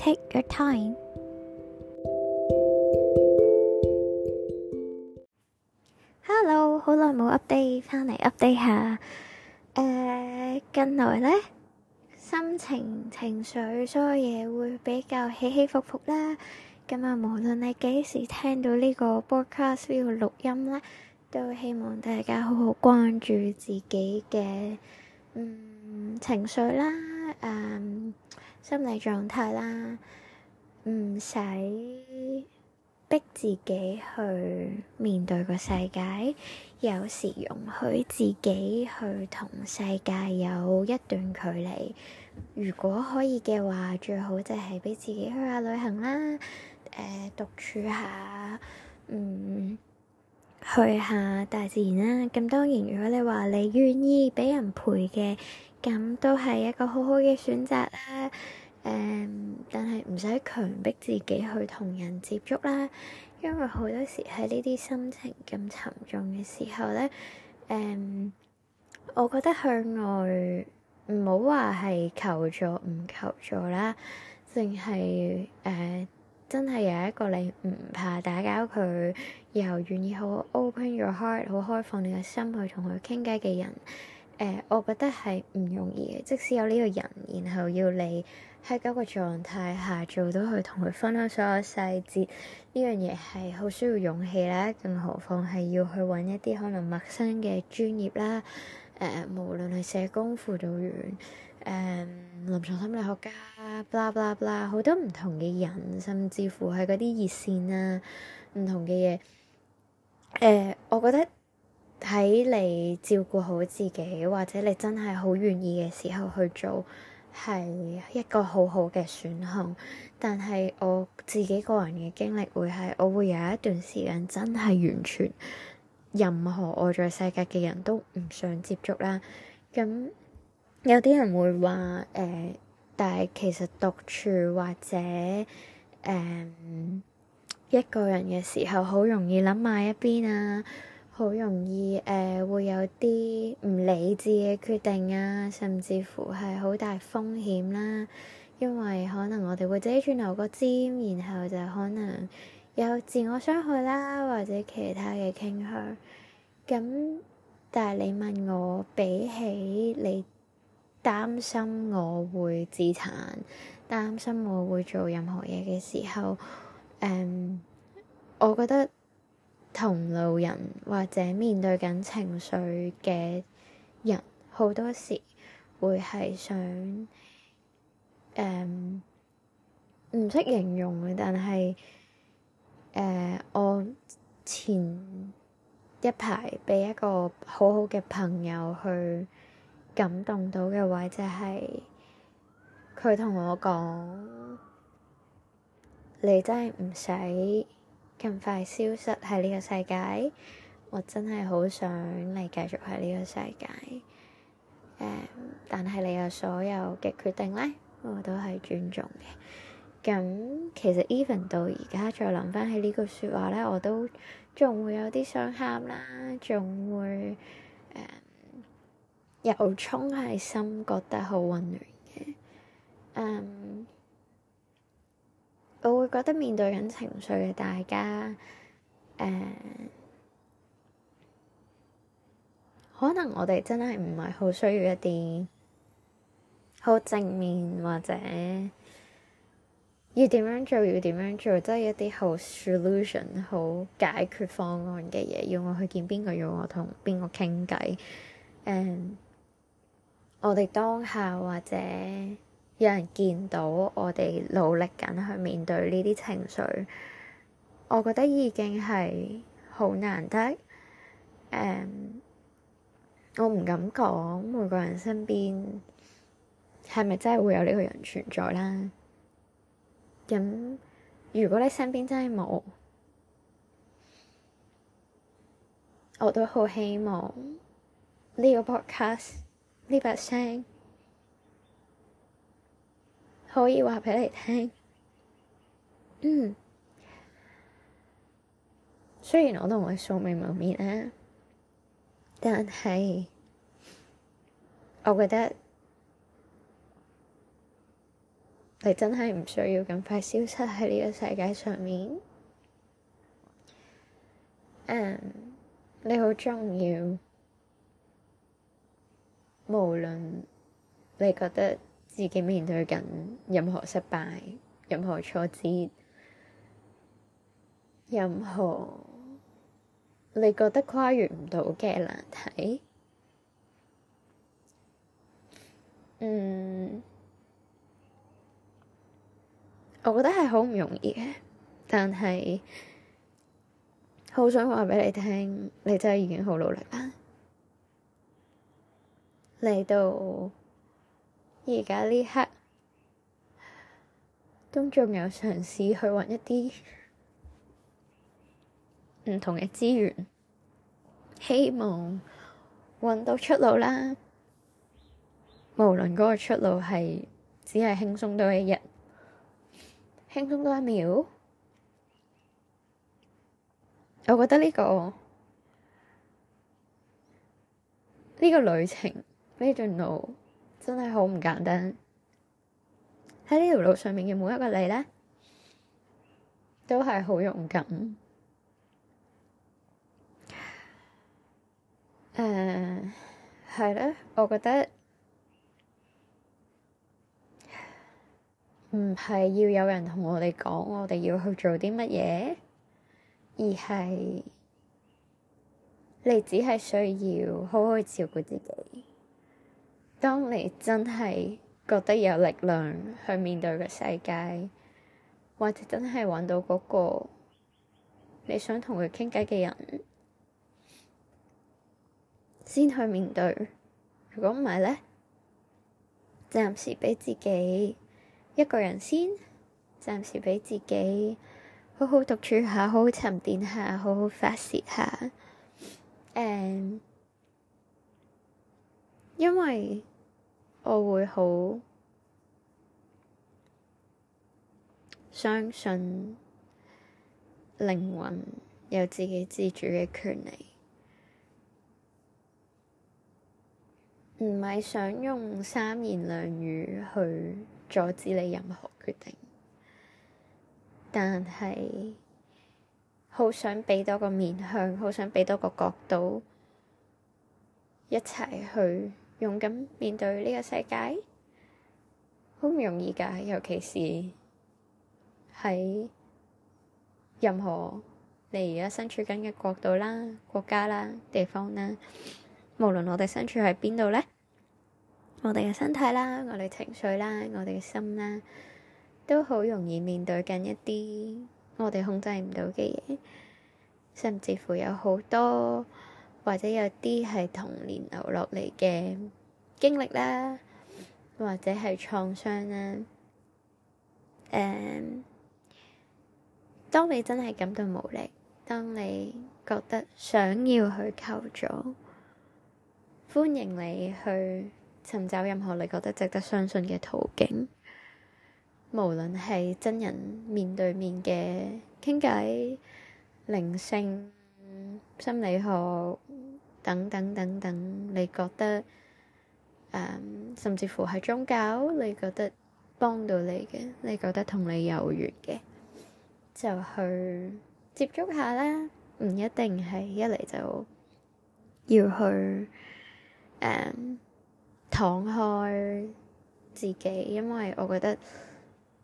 Take your time. Hello，好耐冇 update，翻嚟 update 下。誒、uh,，近來咧心情情緒所有嘢會比較起起伏伏啦。咁、嗯、啊，無論你幾時聽到呢個 broadcast 呢個錄音咧，都希望大家好好關注自己嘅嗯情緒啦，誒、um,。心理狀態啦，唔使逼自己去面對個世界，有時容許自己去同世界有一段距離。如果可以嘅話，最好就係俾自己去下旅行啦，誒、呃，獨處下，嗯，去下大自然啦。咁當然，如果你話你願意俾人陪嘅。咁都係一個好好嘅選擇啦。誒、嗯，但係唔使強迫自己去同人接觸啦，因為好多時喺呢啲心情咁沉重嘅時候咧，誒、嗯，我覺得向外唔好話係求助唔求助啦，淨係誒真係有一個你唔怕打攪佢，又願意好 open your heart 好開放你嘅心去同佢傾偈嘅人。誒、呃，我覺得係唔容易嘅。即使有呢個人，然後要你喺嗰個狀態下做到去同佢分享所有細節，呢樣嘢係好需要勇氣啦。更何況係要去揾一啲可能陌生嘅專業啦。誒、呃，無論係社工、輔導員、誒臨床心理學家，blah blah blah，好多唔同嘅人，甚至乎係嗰啲熱線啊，唔同嘅嘢。誒、呃，我覺得，喺你照顧好自己，或者你真係好願意嘅時候去做，係一個好好嘅選項。但係我自己個人嘅經歷會係，我會有一段時間真係完全任何外在世界嘅人都唔想接觸啦。咁有啲人會話誒、呃，但係其實獨處或者誒、呃、一個人嘅時候，好容易諗埋一邊啊。好容易誒、呃、會有啲唔理智嘅決定啊，甚至乎係好大風險啦、啊，因為可能我哋會自己轉頭個尖，然後就可能有自我傷害啦或者其他嘅傾向。咁但係你問我，比起你擔心我會自殘，擔心我會做任何嘢嘅時候，誒、嗯，我覺得。同路人或者面對緊情緒嘅人，好多時會係想，誒唔識形容嘅，但係誒、呃、我前一排俾一個好好嘅朋友去感動到嘅話，就係佢同我講，你真係唔使咁快消失喺呢個世界，我真係好想你繼續喺呢個世界。Um, 但係你嘅所有嘅決定呢，我都係尊重嘅。咁其實 even 到而家再諗返起呢句說話呢，我都仲會有啲想喊啦，仲會由衷喺心覺得好溫暖嘅。Um, 我會覺得面對緊情緒嘅大家，誒、呃，可能我哋真係唔係好需要一啲好正面或者要點樣做要點樣做，即係、就是、一啲好 solution 好解決方案嘅嘢，要我去見邊個，要我同邊個傾偈，誒、呃，我哋當下或者，有人見到我哋努力緊去面對呢啲情緒，我覺得已經係好難得。誒、嗯，我唔敢講每個人身邊係咪真係會有呢個人存在啦。咁、嗯、如果你身邊真係冇，我都好希望呢個 podcast 呢把聲。可以話畀你聽，嗯，雖然我同你素未謀面啊，但係我覺得你真係唔需要咁快消失喺呢個世界上面。Um, 你好重要，無論你覺得。自己面對緊任何失敗、任何挫折、任何你覺得跨越唔到嘅難題，嗯，我覺得係好唔容易嘅，但係好想話畀你聽，你真係已經好努力啦，嚟到。而家呢刻都仲有嘗試去搵一啲唔同嘅資源，希望搵到出路啦。無論嗰個出路係只係輕鬆多一日，輕鬆多一秒，我覺得呢個，呢個旅程，呢段路。真係好唔簡單，喺呢條路上面嘅每一個你呢，都係好勇敢。誒，係咧，我覺得唔係要有人同我哋講，我哋要去做啲乜嘢，而係你只係需要好好照顧自己。當你真係覺得有力量去面對個世界，或者真係揾到嗰個你想同佢傾偈嘅人，先去面對。如果唔係咧，暫時俾自己一個人先，暫時俾自己好好獨處下，好好沉澱下，好好發洩下。誒。因為我會好相信靈魂有自己自主嘅權利，唔係想用三言兩語去阻止你任何決定，但係好想畀多個面向，好想畀多個角度一齊去。勇敢面對呢個世界，好唔容易㗎，尤其是喺任何你而家身處緊嘅國度啦、國家啦、地方啦，無論我哋身處喺邊度咧，我哋嘅身體啦、我哋情緒啦、我哋嘅心啦，都好容易面對緊一啲我哋控制唔到嘅嘢，甚至乎有好多。或者有啲係童年留落嚟嘅經歷啦，或者係創傷啦。誒，um，當你真係感到無力，當你覺得想要去求助，歡迎你去尋找任何你覺得值得相信嘅途徑，無論係真人面對面嘅傾偈、靈性、心理學。等等等等，你覺得、嗯、甚至乎係宗教，你覺得幫到你嘅，你覺得同你有緣嘅，就去接觸下啦。唔一定係一嚟就要去誒敞、嗯、開自己，因為我覺得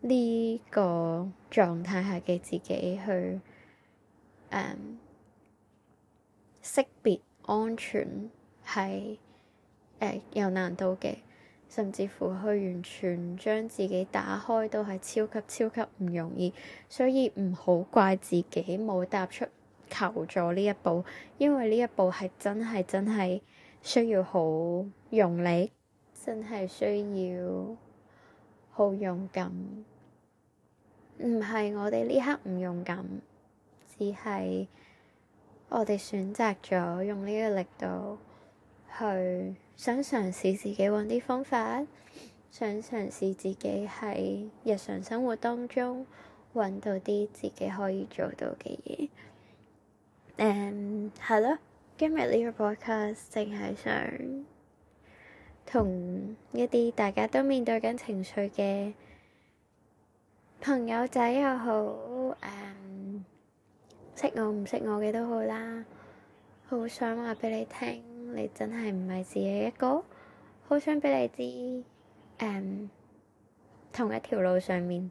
呢個狀態下嘅自己去誒、嗯、識別。安全係誒、欸、有難度嘅，甚至乎去完全將自己打開都係超級超級唔容易，所以唔好怪自己冇踏出求助呢一步，因為呢一步係真係真係需要好用力，真係需要好勇敢。唔係我哋呢刻唔勇敢，只係，我哋選擇咗用呢個力度去想嘗試自己揾啲方法，想嘗試自己喺日常生活當中揾到啲自己可以做到嘅嘢。誒，係咯，今日呢個 podcast 淨係想同一啲大家都面對緊情緒嘅朋友仔又好，um, 識我唔識我嘅都好啦，好想話俾你聽，你真係唔係自己一個，好想俾你知，誒、嗯，同一條路上面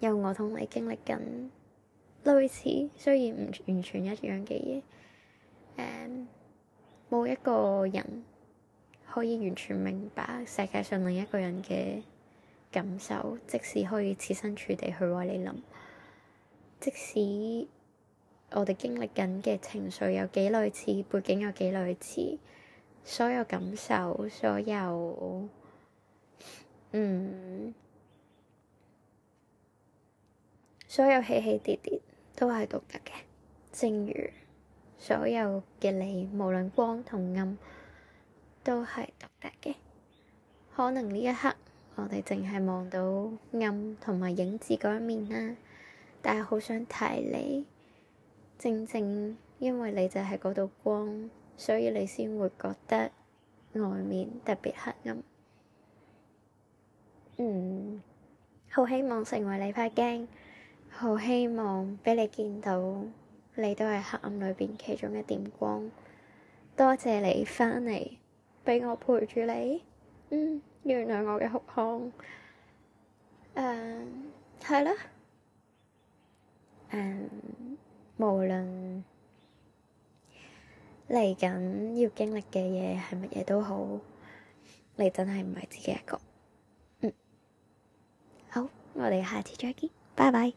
有我同你經歷緊類似，雖然唔完全一樣嘅嘢，誒、嗯，冇一個人可以完全明白世界上另一個人嘅感受，即使可以設身處地去為你諗。即使我哋經歷緊嘅情緒有幾類似，背景有幾類似，所有感受，所有，嗯，所有起起跌跌都係獨特嘅。正如所有嘅你，無論光同暗，都係獨特嘅。可能呢一刻，我哋淨係望到暗同埋影子嗰一面啦。但係好想睇你，正正因為你就係嗰道光，所以你先會覺得外面特別黑暗。嗯，好希望成為你塊鏡，好希望畀你見到你都係黑暗裏邊其中一點光。多謝你翻嚟，畀我陪住你。嗯，原諒我嘅哭腔。嗯、uh，係啦。誒，um, 無論嚟緊要經歷嘅嘢係乜嘢都好，你真係唔係自己一個。嗯，好，我哋下次再見，拜拜。